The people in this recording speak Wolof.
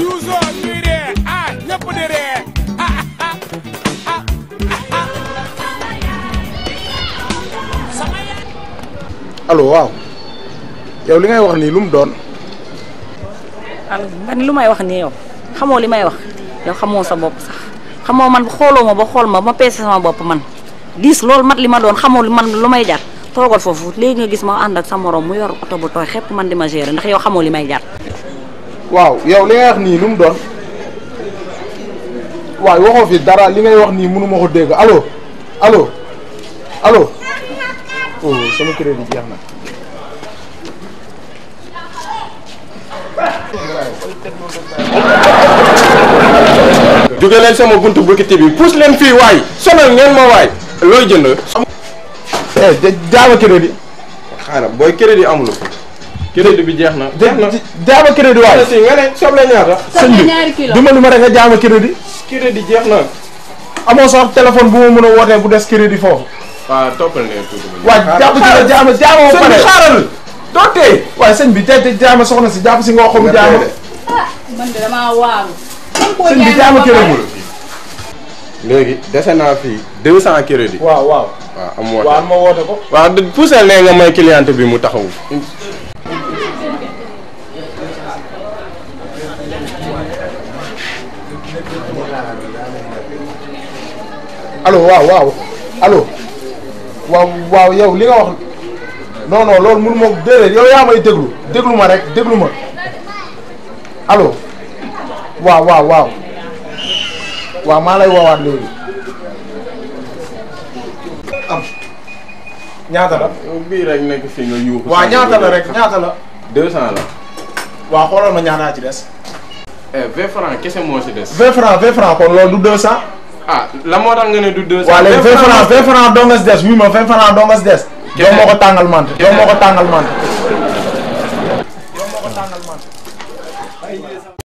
yuuso ñuy ree ah waaw yow li ngay wax nii lu mu doon man lu may wax nii yow xamoo li may wax yow xamoo sa bopp sax xamoo man xooloo ma ba xool ma ma peese sama bopp man diis loolu mat li ma doon xamoo man lu may jar toogal foofu léegi nga gis ma ànd ak sa morom mu yor oto bu tooy xepp man di ma gérer ndax yow xamoo li may jar waaw yow li ngay wax nii lu mu doon waaw waxoo fi dara li ngay wax nii mënuma ma ko dégg allo allo allo oh sama crédit jeex na. jóge leen sama buntu bukiti bi puus leen fii waay sonal ngeen ma waay looy jënd. eh jaama crédit. xaaral booy crédit amul. crédit bi jeex na. jeex na jaama crédit waaye. si nga ne soble ñaata. soble ñaari bi dimbali ma rek nga jaama crédit. crédit jeex na. amoo sax téléphone bu ma mën a wootee bu des crédit foofu. waaw toppal ne tuuti ba. waaw jàpp ci la waaye sëñ bi tey te jaama soxna si jàpp si nga waxoon jaama. ah man de damaa waaru. sëñ dese naa fii deux cent crédit. waaw waaw. waaw am woote waaw am ma woote may cliente bi mu taxawu. alo waaw waaw allo waaw waaw yow li nga wax non non loolu mun moom déedéet yow yaa may déglu déglu ma rek déglu ma allo waaw waaw waaw waaw maa lay woowaat léegi am ñaata la. bii rek ñaata la rek ñaata la. 200 la. waaw ma ñaanaa ci des. 20 eh, francs kese moo si des. 20 francs 20 francs kon loolu du 200. ah la moo tax du 200. waaw léegi 20 francs 20 francs doo des oui ma 20 francs doo des. kese ko tàngal mant doo moo ko tàngal mant.